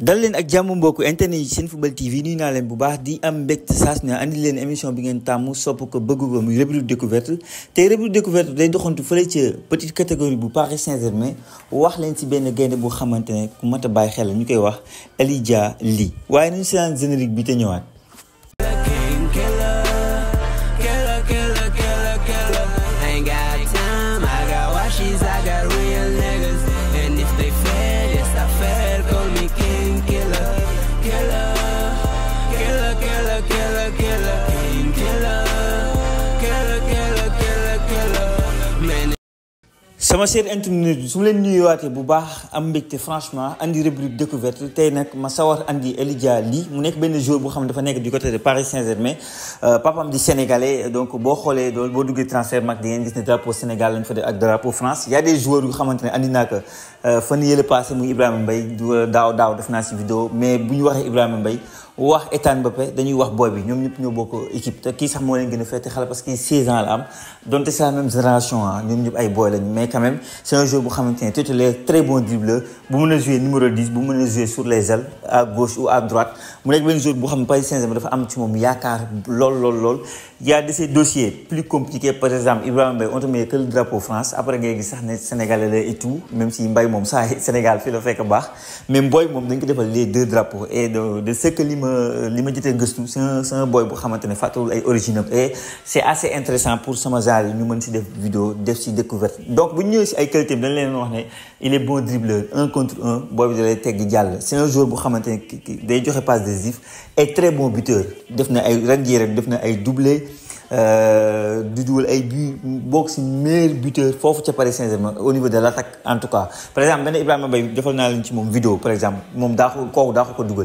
dal leen ak jàmm mbokk internet yi seen football tv nuyu naa leen bu baax di am mbégte saas na andi leen émission bi ngeen tàmm sopp ko bëgg ko muy rubrique découverte te rubrique découverte day doxantu fële ca petite catégorie bu Paris Saint-Germain wax leen ci benn gaynde bu xamante ne ku mat a bàyyi xel ñu koy wax Elijah Lee waaye nañu seen générique bi te ñëwaat sama chère internet su ma leen nuyuwaatee bu baax am mbégte franchement andi rubrique découverte tey nag ma sawar andi Elijah Ly mu nekk benn jour boo xam ne dafa nekk du côté de Paris Saint-Germain euh, papam di sénégalais donc boo xoolee loolu boo duggee transfert mag di ngeen gis ne drapeau Sénégal lañ fa def ak drapeau France y a des joueurs yu xamante ne andi naa ko euh, fan yële passé muy Ibrahima Mbaye euh, daaw daaw def naa si vidéo mais bu ñu waxee Ibrahima Mbaye wax Etan Mbappé dañuy wax boy bi ñoom ñëpp ñoo bokk équipe te kii sax moo leen gën a féete xale parce que 16 ans la am donte c'est la même génération ah ñoom ñëpp ay boy lañu mais même c'est un joueur bu a tout les très bon dribbleur bu mën jouer numéro 10 bu mën jouer sur les ailes à gauche ou à droite mu nekk benn joueur bu xam un Paris Saint-Germain dafa am ci moom lol lol lol il y a des dossiers plus compliqués par exemple Ibrahim Mbaye on te met que le drapeau France après ngay gis sax ne Sénégalais et tout même si Mbaye moom ça Sénégal le la fekk baax mais Mboy Mom, dañ ko defal les deux drapeaux et de de ce que li ma li ma c'est un joueur boy bu xamante ne ay et c'est assez intéressant pour sama Nous yi ñu des vidéos, def vidéo def donc ñu ñëwee si ay qualité bi dañ leen wax ne il est bon dribbleur un contre un boobu da lay tegg jàll c'est un joueur bu xamante ne day joxe passe décisif et très bon buteur def na ay ren jii ay doublé euh, du dugal ay but box meilleur buteur foofu ca Paris Saint-Germain au niveau de l'attaque en tout cas par exemple ben ne Ibrahima Mbaye defal naa leen ci moom vidéo par exemple moom daa ko kooku ko ko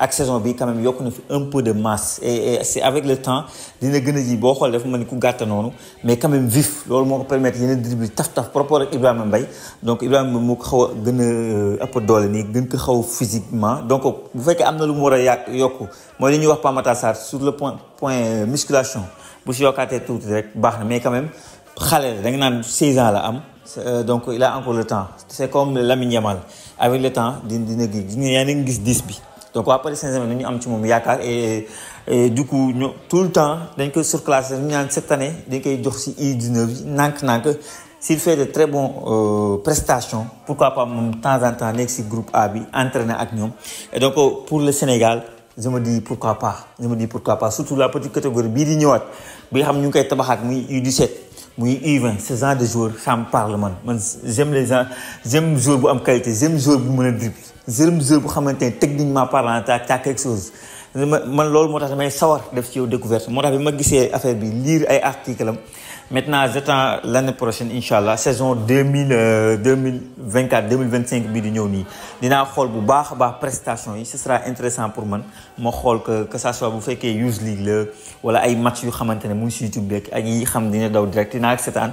accès bi quand même yokk na fi un peu de masse et c'est avec le temps dina gën a ji boo xool dafa mel ni ku noonu mais quand même vif loolu moo ko permettre yeneen dribble taf taf propre rapport ak Ibrahima Mbaye donc Ibrahima moo ko xaw a gën a euh, ëpp doole nii gën ko xaw physiquement donc bu fekkee am na lu mu war a yàq yokku mooy li ñuy wax Pape Matar Sarr sur le point point euh, musculation bu si yokkaatee tuuti rek baax na mais quand même xale da nga naan 16 ans la am euh, donc il a encore le temps c'est comme Lamine Yamal avec le temps dina dina gis yaa ngi gis 10 bi donc waa Paris Saint-Germain ñu am ci moom yaakaar et du coup ñu tout le temps dañ koy classe, nous, cette année dañ koy jox si U19 yi nànk s'il fait de très bonnes euh, prestations pourquoi pas de temps en temps avec si groupe A bi entraîner avec nous. et donc euh, pour le Sénégal je me dis pourquoi pas je me dis pourquoi pas surtout la petite catégorie bii di ñëwaat bi xam ñu koy U17. muy Yvan ce genre de joueur ça me man man j'aime les gens j'aime bu am qualité j'aime joueur bu mën a dribble j'aime joueur bu xamante ne techniquement parlant t'as quelque chose man loolu moo tax damay sawar def ci yow découverte moo tax bi ma gisee affaire bi lire ay article am maintenant j'attends l'année prochaine incha allah saison deux mille euh, deux mille vingt quatre deux vingt cinq bii di ñëw nii dinaa xool bu baax a baax prestation yi ce sera intéressant pour man ma xool que que soit bu fekkee Youth League la wala ay match yu xamante ne mu ngi si YouTube beeg ak yi xam dina daw direct naa ak an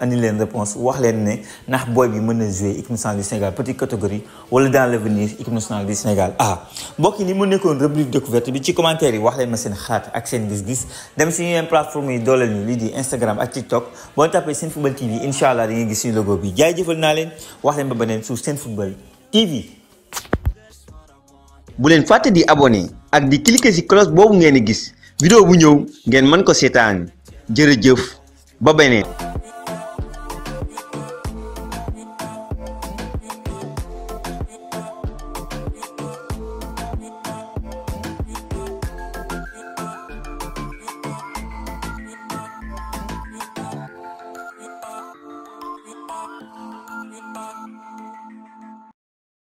andi leen réponse wax leen ne ndax booy bi mën na jouer équipe nationale du Sénégal petite catégorie wala dans l'avenir équipe nationale du Sénégal ah mbokk yi ni mu nekkoon rubrique découverte bi ci commentaire yi wax leen ma seen xalaat ak seen gis-gis dem suñu leen plateforme yi dooleel ñu lii di Instagram ak TikTok boo tapee seen football TV incha allah dañuy gis suñu logo bi jaajëfal naa leen wax leen ba beneen suuf seen football TV. bu leen fàtte di abonné ak di cliquer ci cloche boobu ngeen di gis vidéo bu ñëw ngeen mën ko seetaan jërëjëf ba beneen